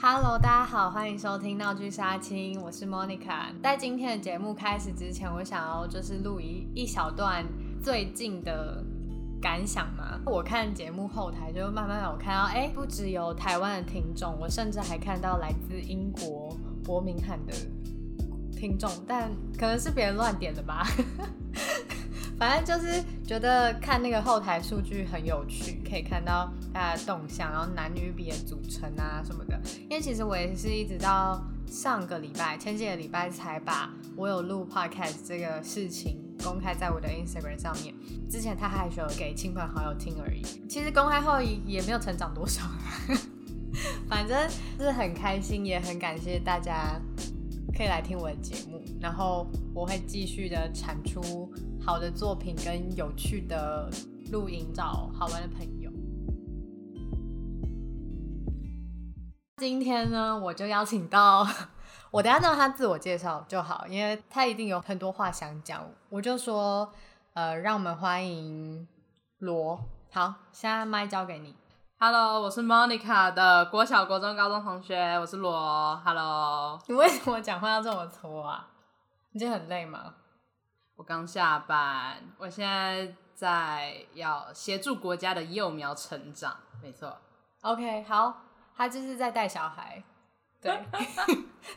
Hello，大家好，歡迎收聽《鬧劇殺青》，我是 Monica。在今天的節目開始之前，我想要就是錄一一小段最近的感想嘛。我看節目後台就慢慢有看到，哎，不只有台灣的聽眾，我甚至還看到來自英國伯明罕的聽眾，但可能是別人亂點的吧。 反正就是覺得看那個後台數據很有趣，可以看到大家的動向，然後男女比的組成啊什麼的。因為其實我也是一直到上個禮拜、前幾個禮拜才把我有錄 podcast 這個事情公開在我的 Instagram 上面。之前他還是給親朋好友聽而已。其實公開後也沒有成長多少， 反正是很開心，也很感謝大家可以來聽我的節目。然後我會繼續的產出。好的作品跟有趣的錄影，找好玩的朋友。今天呢，我就邀請到我等下讓他自我介紹就好，因為他一定有很多話想講。我就說，呃，讓我們歡迎羅。好，現在麥交給你。Hello，我是 Monica 的國小、國中、高中同學，我是羅。Hello，你為什麼講話要這麼粗啊？你今天很累嗎？我剛下班，我現在在要協助國家的幼苗成長，沒錯。OK，好，他就是在帶小孩，對，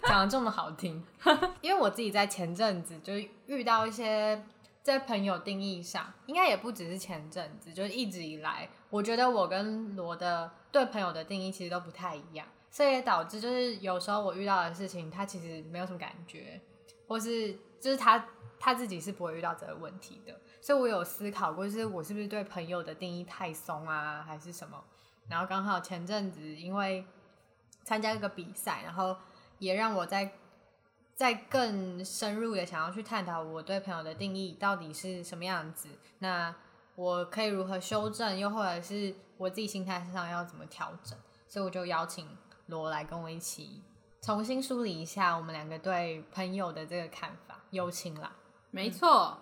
講 的這麼好聽， 因為我自己在前陣子就遇到一些在朋友定義上，應該也不只是前陣子，就是一直以來，我覺得我跟羅的對朋友的定義其實都不太一樣，所以也導致就是有時候我遇到的事情，他其實沒有什麼感覺，或是。就是他他自己是不會遇到這個問題的，所以我有思考過，就是我是不是對朋友的定義太鬆啊，還是什麼？然後剛好前陣子因為參加一個比賽，然後也讓我在在更深入的想要去探討我對朋友的定義到底是什麼樣子，那我可以如何修正，又或者是我自己心態上要怎麼調整？所以我就邀請羅來跟我一起重新梳理一下我們兩個對朋友的這個看法。友情啦，沒錯、嗯。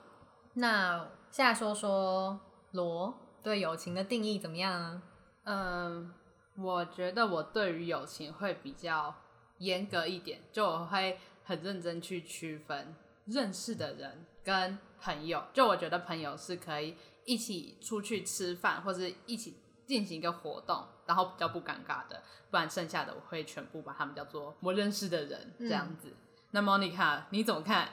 那現在說說羅對友情的定義怎麼樣啊？嗯，我覺得我對於友情會比較嚴格一點，就我會很認真去區分認識的人跟朋友。就我覺得朋友是可以一起出去吃飯或者一起進行一個活動，然後比較不尷尬的。不然剩下的我會全部把他們叫做我認識的人這樣子。嗯那 Monica 你怎麼看？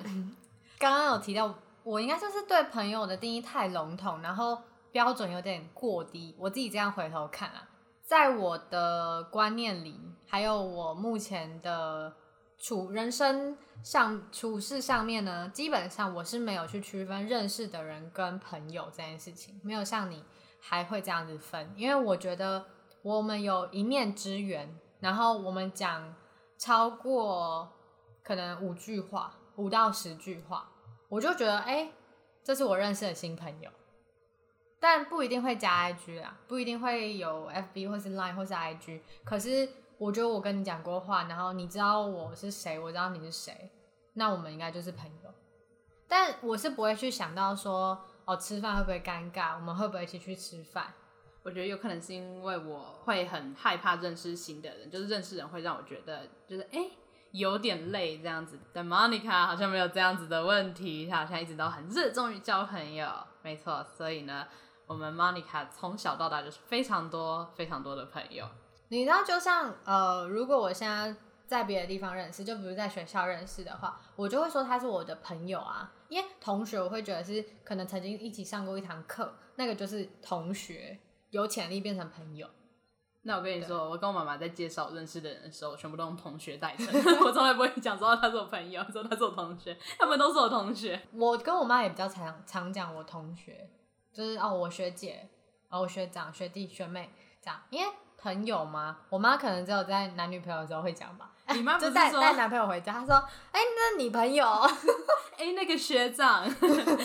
剛剛有提到，我應該就是對朋友的定義太籠統，然後標準有點過低。我自己這樣回頭看啊，在我的觀念裡，還有我目前的處人生上處事上面呢，基本上我是沒有去區分認識的人跟朋友這件事情，沒有像你還會這樣子分。因為我覺得我們有一面之緣，然後我們講超過可能五句話，五到十句話，我就覺得，哎、欸，這是我認識的新朋友，但不一定會加 IG 啊，不一定會有 FB 或是 Line 或是 IG。可是我覺得我跟你講過話，然後你知道我是誰，我知道你是誰，那我們應該就是朋友。但我是不會去想到說，哦，吃飯會不會尷尬？我們會不會一起去吃飯？我覺得有可能是因為我會很害怕認識新的人，就是認識人會讓我覺得，就是哎。欸有點累這樣子，但 Monica 好像沒有這樣子的問題，她好像一直都很熱衷於交朋友。沒錯，所以呢，我們 Monica 從小到大就是非常多非常多的朋友。嗯。你知道，就像呃，如果我現在在別的地方認識，就比如在學校認識的話，我就會說他是我的朋友啊，因為同學我會覺得是可能曾經一起上過一堂課，那個就是同學，有潛力變成朋友。那我跟你說，對我跟我媽媽在介紹認識的人的時候，全部都用同學代稱。 我從來不會講說他是我朋友，說他是我同學，他們都是我同學。我跟我媽也比較常常講我同學，就是哦，我學姐，然、哦、後我學長、學弟、學妹這樣。因為朋友嘛，我媽可能只有在男女朋友的時候會講吧。你媽 就帶帶男朋友回家，她說：“哎、欸，那你女朋友。 ”哎、欸，那個學長，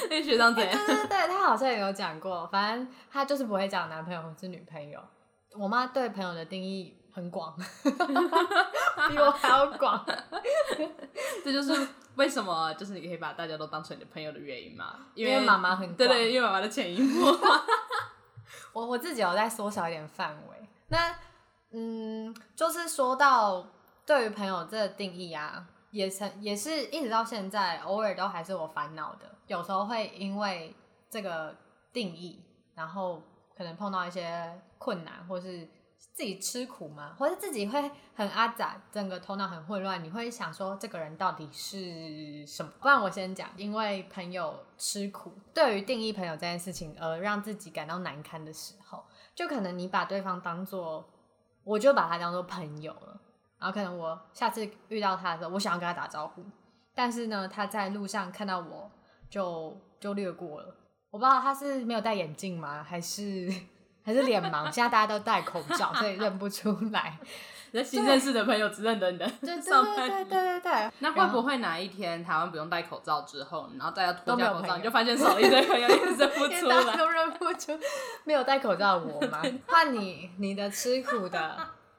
那個學長怎樣、欸？對對對，他好像也有講過，反正他就是不會講男朋友或是女朋友。我媽對朋友的定義很廣 比我還要廣 這就是為什麼就是你可以把大家都當成你的朋友的原因嘛。因為媽媽很對對，因為媽媽的潛移默化。我我自己有在縮小一點範圍。那嗯，就是說到對於朋友這個定義啊，也曾也是一直到現在，偶爾都還是我煩惱的。有時候會因為這個定義，然後可能碰到一些，困難，或是自己吃苦嗎？或是自己會很阿雜，整個頭腦很混亂？你會想說這個人到底是什麼？不然我先講，因為朋友吃苦，對於定義朋友這件事情而讓自己感到難堪的時候，就可能你把對方當做，我就把他當做朋友了。然後可能我下次遇到他的時候，我想要跟他打招呼，但是呢，他在路上看到我就就略過了。我不知道他是沒有戴眼鏡嗎？還是？還是臉盲，現在大家都戴口罩， 所以認不出來。新認識的朋友只對認得你的。對對對對對後那會不會哪一天台灣不用戴口罩之後，然後大家都脫下口罩，你就發現少一堆朋友，認不出來，都認不出，沒有戴口罩的我嗎？換你你的吃苦的，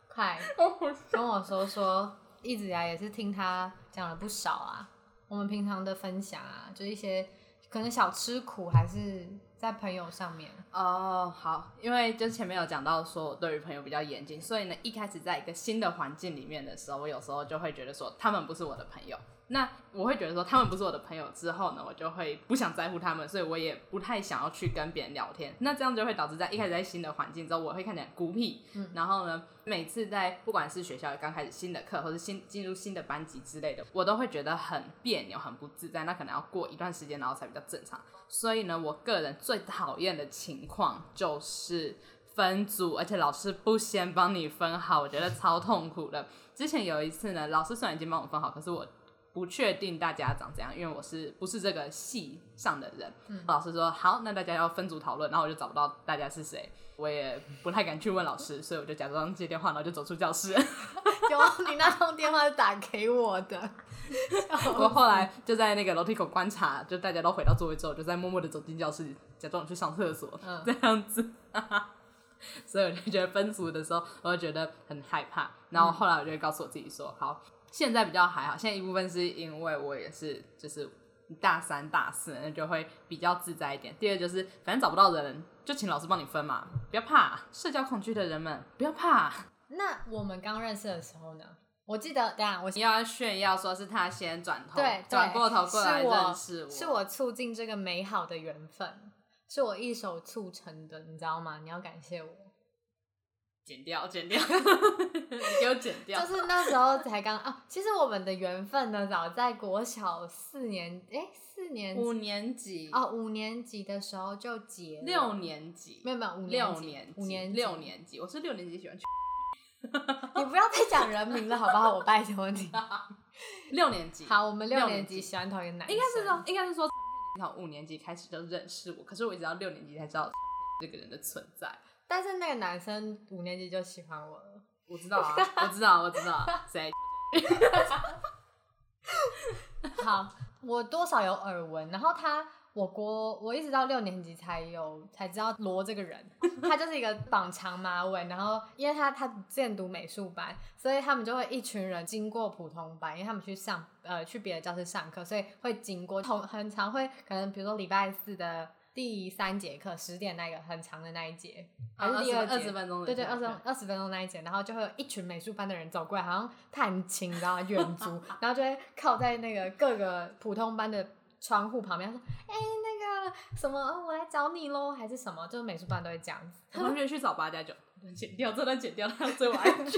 快 對 跟我說說，一直以來也是聽他講了不少啊。我們平常的分享啊，就一些可能小吃苦還是。在朋友上面哦，oh, 好，因為就前面有講到說，我對於朋友比較嚴謹，所以呢，一開始在一個新的環境裡面的時候，我有時候就會覺得說，他們不是我的朋友。那我會覺得說，他們不是我的朋友之後呢，我就會不想在乎他們，所以我也不太想要去跟別人聊天。那這樣就會導致在一開始在新的環境之後，我會看起來孤僻。嗯，然後呢，每次在不管是學校剛開始新的課，或是新進入新的班級之類的，我都會覺得很別扭，很不自在。那可能要過一段時間，然後才比較正常。所以呢，我個人最討厭的情況就是分組，而且老師不先幫你分好，我覺得超痛苦的。之前有一次呢，老師雖然已經幫我分好，可是我，不確定大家長怎樣，因為我是不是這個系上的人。嗯、老師說好，那大家要分組討論，然後我就找不到大家是誰，我也不太敢去問老師，所以我就假裝接電話，然後就走出教室。有，你那通電話是打給我的。 我後來就在那個樓梯口觀察，就大家都回到座位之後，就在默默的走進教室，假裝去上廁所、嗯、這樣子。 所以我就覺得分組的時候，我就覺得很害怕。然後後來我就告訴我自己說好。現在比較還好，現在一部分是因為我也是，就是大三、大四那就會比較自在一點。第二就是，反正找不到人，就請老師幫你分嘛，不要怕，社交恐懼的人們不要怕。那我們剛認識的時候呢？我記得，等下我你要炫耀說是他先轉頭，轉對過頭過來認識我，是我，是我促進這個美好的緣分，是我一手促成的，你知道嗎？你要感謝我。剪掉，剪掉， 你給我剪掉。就是那時候才剛啊，其實我們的緣分呢，早在國小四年，哎，四年五年級哦，五年級的時候就結。六年級沒有沒有，五年六年五年六年，六年級，我是六年級喜歡去。 你不要再講人名了，好不好？我拜託你。 六年級，好，我們六年級喜歡討厭男。應該是說，應該是說，從，五年級開始就認識我，可是我一直到六年級才知道這個人的存在。但是那個男生五年級就喜歡我了，我知道啊，我知道，我知道，誰？好，我多少有耳聞。然後他，我哥，我一直到六年級才有才知道羅這個人，他就是一個綁長馬尾，然後因為他他現讀美術班，所以他們就會一群人經過普通班，因為他們去上呃去別的教室上課，所以會經過同很常會可能比如說禮拜四的。第三節課十點那個很長的那一節，還是第二二十、啊、分鐘的對對二十分鐘二十分鐘那一節，然後就會有一群美術班的人走過來，好像探親知道遠足， 然後就會靠在那個各個普通班的窗戶旁邊，說：“哎、欸，那個什麼，哦、我來找你嘍，還是什麼？”就是、美術班都會這樣子。我同學去找八加九，剪掉，這段剪掉，然後最後追我一，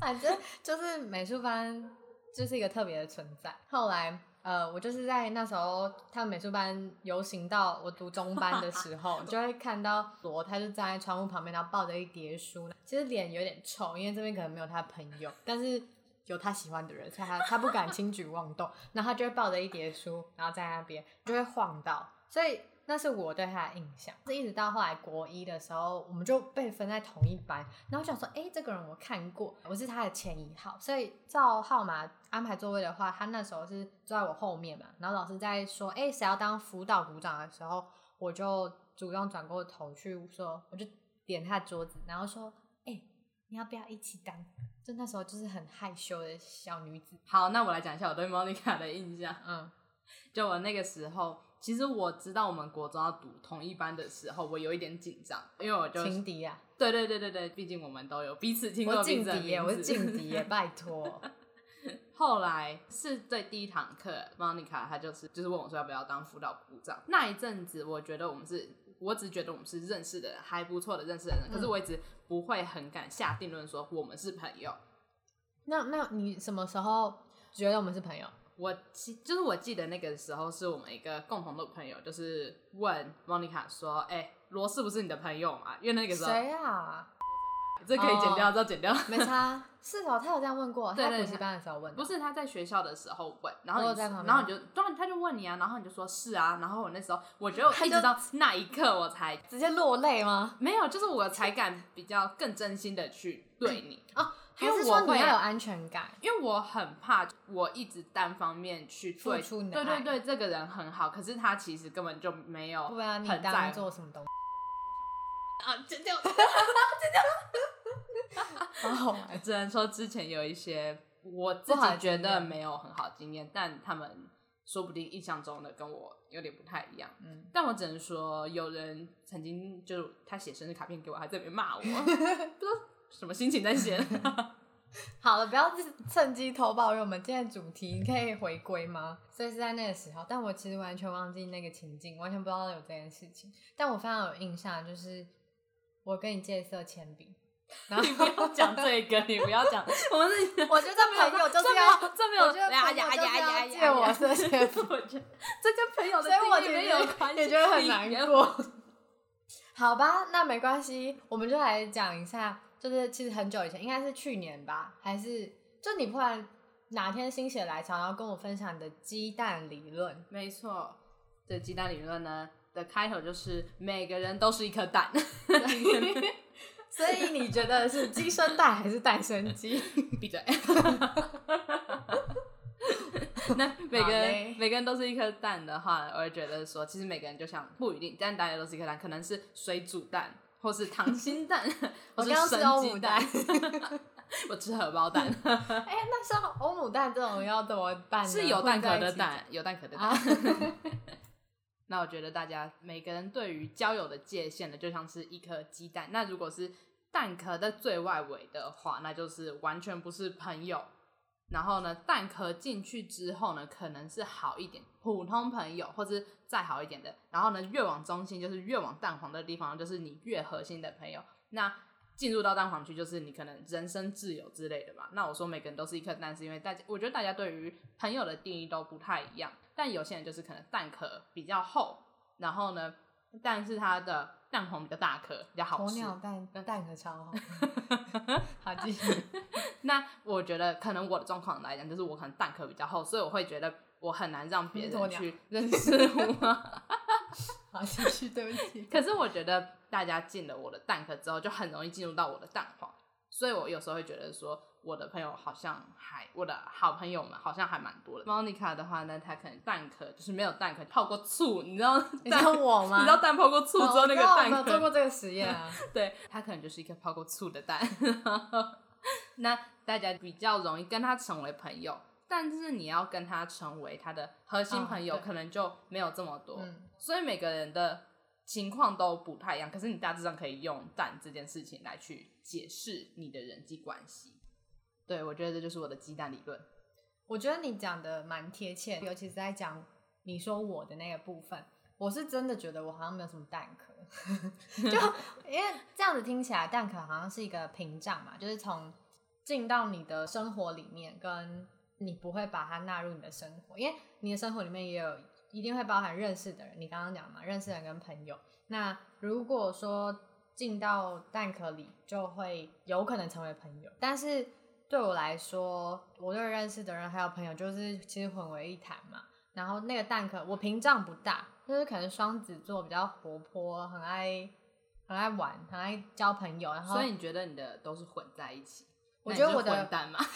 反正就是美術班就是一個特別的存在。後來。呃，我就是在那時候，他們美術班遊行到我讀中班的時候， 就會看到羅，他就站在窗戶旁邊，然後抱着一疊書，其實臉有點臭，因為這邊可能沒有他朋友，但是有他喜歡的人，所以他他不敢輕舉妄動， 然後他就會抱着一疊書，然後站在那邊就會晃到，所以。那是我對他的印象。一直到後來國一的時候，我們就被分在同一班，然後就想說，哎，這個人我看過，我是他的前一號。所以照號碼安排座位的話，他那時候是坐在我後面嘛。然後老師在說，哎，誰要當輔導組長的時候，我就主動轉過頭去說，我就點他的桌子，然後說，哎，你要不要一起當？就那時候就是很害羞的小女子。好，那我來講一下我對 Monica 的印象。嗯，就我那個時候。其實我知道我們國中要讀同一班的時候，我有一點緊張，因為我就情敵呀、啊。對對對對對，畢竟我們都有彼此聽過。我勁敵，我勁敵，拜託。 後來是對第一堂課，Monica 她就是就是問我說要不要當輔導部長。那一陣子，我覺得我們是，我只覺得我們是認識的還不錯的認識的人，可是我一直不會很敢下定論說我們是朋友。嗯、那那你什麼時候覺得我們是朋友？我記就是我記得那個時候是我們一個共同的朋友，就是問 Monica 說：“哎、欸，羅是不是你的朋友嘛？”因為那個時候誰啊？這可以剪掉，這、哦、剪掉。 沒差，是哦，他有這樣問過。他在補習班的時候問。不是，他在學校的時候問，然後你，啊、然後你就，然後你就，然後他就問你啊，然後你就說是啊，然後我那時候我覺得我一直到那一刻我才直接落淚嗎？沒有，就是我才敢比較更真心的去對你啊。嗯哦還是說你要有安全感，因為我很怕，我一直單方面去付出，處處，對對對，這個人很好，可是他其實根本就沒有。對啊，你在做什麼東西啊？這就這就很好玩。只能說之前有一些我自己覺得沒有很好經驗，經驗，但他們說不定印象中的跟我有點不太一樣。嗯，但我只能說，有人曾經就他寫生日卡片給我，還在裡面罵我， 什麼心情在寫？ 好了，不要趁機偷保，因為我們今天主題，你可以回歸嗎？所以是在那個時候，但我其實完全忘記那個情境，完全不知道有這件事情。但我非常有印象，就是我跟你借色鉛筆，然後你不要講這個，你不要講。我們是我覺得這沒有，是就是要這沒有，我覺得呀呀呀借我這件事情， 這件朋友的，所以這裡面有，你覺得很難過？好吧，那沒關係，我們就來講一下。就是其實很久以前，應該是去年吧，還是就你突然哪天心血來潮，然後跟我分享你的雞蛋理論？沒錯，這雞蛋理論呢的開頭就是每個人都是一顆蛋，對 所以你覺得是雞生蛋還是蛋生雞？閉嘴 那每個人嘞每個人都是一顆蛋的話，我也覺得說，其實每個人就像不一定，但大家都是一顆蛋，可能是水煮蛋。或是溏心蛋，蛋我剛剛吃歐姆蛋， 我吃荷包蛋。哎、 欸，那像歐姆蛋這種要怎麼辦呢？是有蛋殼的蛋，有蛋殼的蛋。啊、 那我覺得大家每個人對於交友的界限呢，就像是一顆雞蛋。那如果是蛋殼的最外圍的話，那就是完全不是朋友。然後呢，蛋殼進去之後呢，可能是好一點普通朋友，或者再好一點的。然後呢，越往中心就是越往蛋黃的地方，就是你越核心的朋友。那進入到蛋黃區，就是你可能人生摯友之類的嘛。那我說每個人都是一顆蛋，是因為大家，我覺得大家對於朋友的定義都不太一樣。但有些人就是可能蛋殼比較厚，然後呢，但是它的蛋黃比較大顆，比較好吃。鴕鳥蛋那蛋殼超厚， 好繼續。那我覺得，可能我的狀況來講，就是我可能蛋殼比較厚，所以我會覺得我很難讓別人去認識我是。好，繼續，對不起。 可是我覺得大家進了我的蛋殼之後，就很容易進入到我的蛋黃，所以我有時候會覺得說，我的朋友好像還我的好朋友們好像還蠻多的。Monica 的話呢，她可能蛋殼就是沒有蛋殼，泡過醋，你知道蛋？你知道我嗎？ 你知道蛋泡過醋之後、oh, no, 那個蛋有 no, 有做過這個實驗啊？ 對，他可能就是一個泡過醋的蛋。 那大家比較容易跟他成為朋友，但是你要跟他成為他的核心朋友，哦、可能就沒有這麼多。嗯、所以每個人的情況都不太一樣，可是你大致上可以用蛋這件事情來去解釋你的人際關係。對，我覺得這就是我的雞蛋理論。我覺得你講得蠻貼切，尤其是在講你說我的那個部分，我是真的覺得我好像沒有什麼蛋殼， 就因為這樣子聽起來蛋殼好像是一個屏障嘛，就是從。進到你的生活裡面，跟你不會把它納入你的生活，因為你的生活裡面也有一定會包含認識的人。你剛剛講嘛，認識的人跟朋友。那如果說進到蛋殼裡，就會有可能成為朋友。但是對我來說，我對認識的人還有朋友，就是其實混為一談嘛。然後那個蛋殼，我屏障不大，就是可能雙子座比較活潑，很愛很愛玩，很愛交朋友。然後所以你覺得你的都是混在一起？我覺得我的蛋嘛，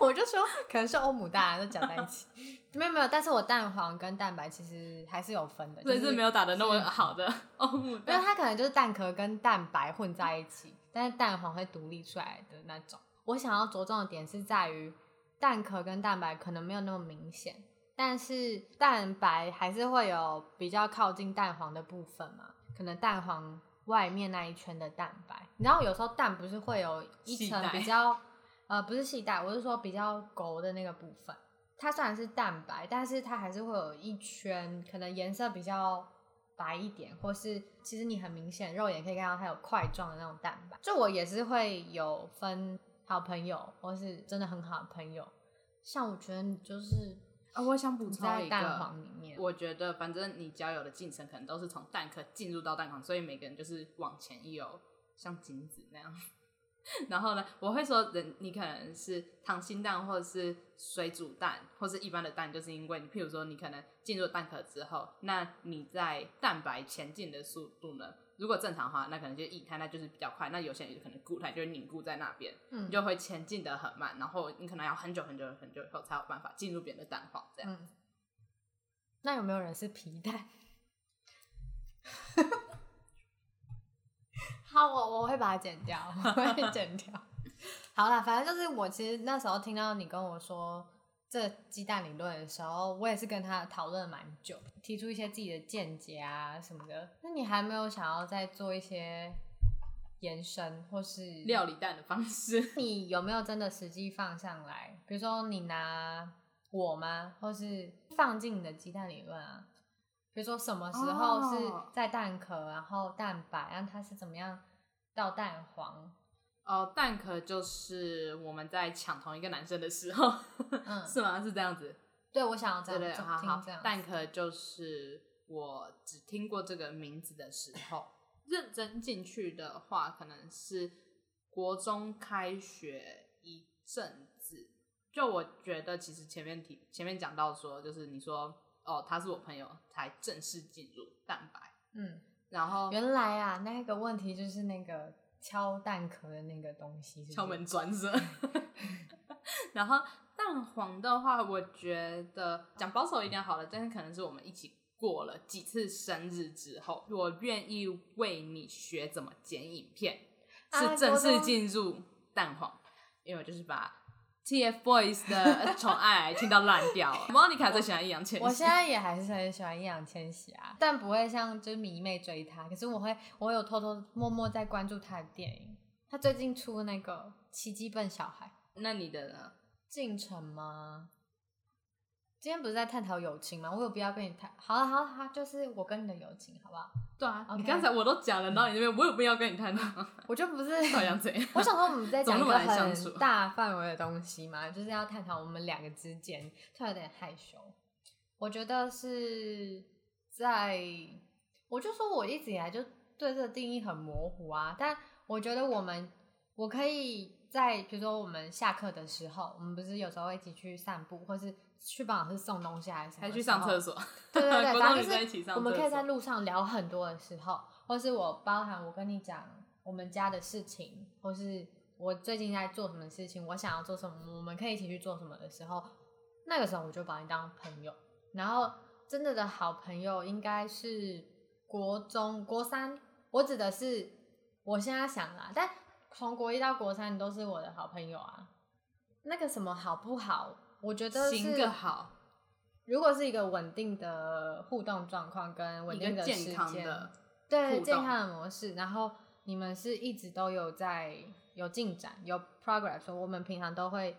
我就說可能是歐姆蛋都、啊、攪在一起，沒有沒有，但是我蛋黃跟蛋白其實還是有分的，只、就是、是沒有打得那麼好的歐姆蛋的，因為它可能就是蛋殼跟蛋白混在一起，但是蛋黃會獨立出來的那種。我想要着重的點是在於蛋殼跟蛋白可能沒有那麼明顯，但是蛋白還是會有比較靠近蛋黃的部分嘛，可能蛋黃。外面那一圈的蛋白，你知道有時候蛋不是會有一層比較，帶呃，不是細帶，我是說比較厚的那個部分，它雖然是蛋白，但是它還是會有一圈，可能顏色比較白一點，或是其實你很明顯肉眼可以看到它有塊狀的那種蛋白。就我也是會有分好朋友，或是真的很好的朋友，像我覺得你就是。啊、哦，我想補充一個，在蛋黃裡面，我覺得反正你交友的進程可能都是從蛋殼進入到蛋黃，所以每個人就是往前一游，像精子那樣。 然後呢，我會說人你可能是溏心蛋或者是水煮蛋或是一般的蛋，就是因為你，譬如說你可能進入蛋殼之後，那你在蛋白前進的速度呢？如果正常的話，那可能就液態，那就是比較快；那有些人可能固態，就是凝固在那邊，嗯、你就會前進的很慢，然後你可能要很久很久很久以後才有辦法進入別人的蛋黃。這樣、嗯。那有沒有人是皮蛋 好，我我會把它剪掉，我會剪掉。 好啦，反正就是我其實那時候聽到你跟我說。這雞蛋理論的時候，我也是跟他討論了蠻久，提出一些自己的見解啊什麼的。那你還沒有想要再做一些延伸，或是料理蛋的方式？你有沒有真的實際放上來？比如說，你拿我嗎？或是放進你的雞蛋理論啊？比如說，什麼時候是在蛋殼，oh. 然後蛋白，然後它是怎麼樣到蛋黃？哦，蛋殼就是我們在搶同一個男生的時候，嗯，是嗎？是這樣子。對，我想要這樣子聽。蛋殼就是我只聽過這個名字的時候， 認真進去的話，可能是國中開學一陣子。就我覺得，其實前面提前面講到說，就是你說哦，他是我朋友，才正式進入蛋白。嗯，然後原來啊，那個問題就是那個。敲蛋殼的那個東西是不是？敲門磚是。然後蛋黃的話，我覺得講保守一點好了，但是可能是我們一起過了幾次生日之後，我願意為你學怎麼剪影片，是正式進入蛋黃，因為我就是把。TFBOYS 的寵愛聽到爛掉了，Monica 最喜歡易烊千玺，我現在也還是很喜歡易烊千玺啊，但不會像就是迷妹追他，可是我會，我有偷偷默默在關注他的電影，他最近出那個奇蹟笨小孩，那你的呢？進程嗎？今天不是在探討友情嗎？我有必要跟你談？好了、啊，好了、啊，就是我跟你的友情，好不好？對啊，Okay? 你剛才我都講了那，然後你這邊我有必要跟你探討。 我就不是，我想說我們在講一個很大範圍的東西嘛，就是要探討我們兩個之間，突然有點害羞。我覺得是在，我就說我一直以來就對這個定義很模糊啊，但我覺得我們，我可以在比如說我們下課的時候，我們不是有時候一起去散步，或是。去幫老師送東西還是還去上廁所？對對對，國中女生一起上廁所，就是我們可以在路上聊很多的時候，或是我包含我跟你講我們家的事情，或是我最近在做什麼事情，我想要做什麼，我們可以一起去做什麼的時候，那個時候我就把你當朋友。然後真的的好朋友應該是國中、國三，我指的是我現在想啦，但從國一到國三，你都是我的好朋友啊，那個什麼好不好？我覺得是，行個好，如果是一個穩定的互動狀況跟穩定的時間，健康的，的對健康的模式，然後你們是一直都有在有進展，有 progress，我們平常都會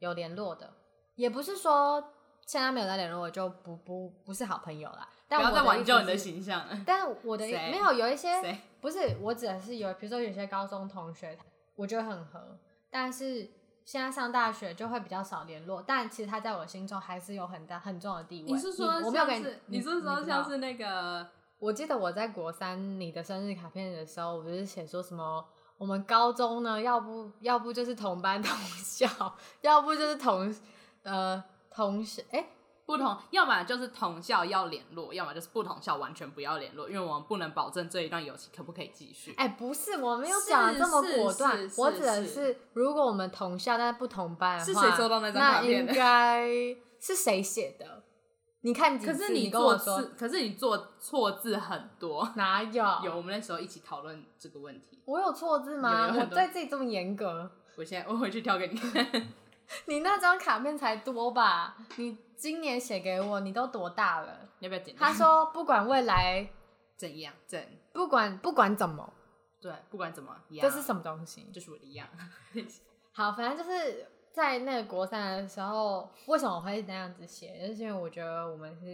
有聯絡的，也不是說現在沒有在聯絡我就不不不是好朋友了。但不要，我在挽救你的形象，但我的說沒有，有一些說不是，我只是有，比如說有些高中同學，我覺得很合，但是。現在上大學就會比較少聯絡，但其實他在我心中還是有很大、很重要的地位。你說說像是說，我沒有給你？你是說，說像是那個？我記得我在國三你的生日卡片的時候，我不是寫說什麼？我們高中呢，要不要不就是同班同校，要不就是同呃同學？哎。不同，要麼就是同校，要聯絡，要麼就是不同校完全不要聯絡，因為我們不能保證這一段友情可不可以繼續。哎，欸、不是，我沒有講得這麼果斷，是是是是是我指的是如果我們同校但不同班的話，是誰到那張卡片那應該是誰寫的？你看幾次可是你做字，跟我說可是你做錯字很多，哪有？ 有，我們那時候一起討論這個問題。我有錯字嗎？我對自己這麼嚴格？我現在我回去挑給你看。你那張卡片才多吧？你今年寫給我，你都多大了？你要不要緊？他說，不管未來怎樣怎，不管不管怎麼，對，不管怎麼樣，這是什麼東西？這是我的一樣。 好，反正就是在那個國賽的時候，為什麼我會那樣子寫？就是因為我覺得我們是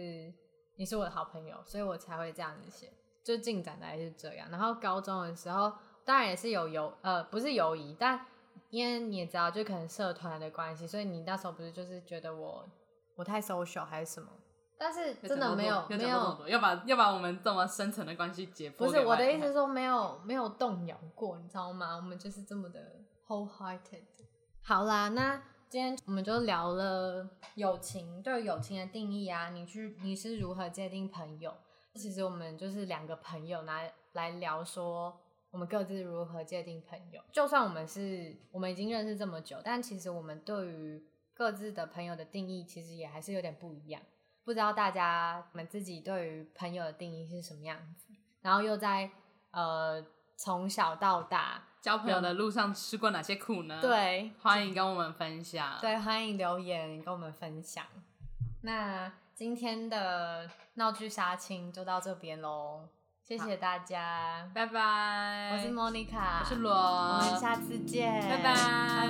你是我的好朋友，所以我才會這樣子寫。就進展來是這樣。然後高中的時候，當然也是有友呃，不是友誼，但。因為你也知道，就可能社團的關係，所以你那時候不是就是覺得我我太 social 還是什麼？但是真的沒有，有，有沒有要把要把我們這麼深層的關係解剖。不是，我的意思是說沒有沒有動搖過，你知道嗎？我們就是這麼的 wholehearted。Whole 好啦，那今天我們就聊了友情，對友情的定義啊，你去你是如何界定朋友？其實我們就是兩個朋友來來聊說。我們各自如何界定朋友？就算我們是，我們已經認識這麼久，但其實我們對於各自的朋友的定義，其實也還是有點不一樣。不知道大家們自己對於朋友的定義是什麼樣子？然後又在呃從小到大交朋友的路上吃過哪些苦呢？對，歡迎跟我們分享。對，歡迎留言跟我們分享。那今天的鬧劇殺青就到這邊嘍。謝謝大家，拜拜。Bye bye，我是莫妮卡，我是羅，我們下次見，拜拜 Bye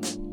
bye，拜拜。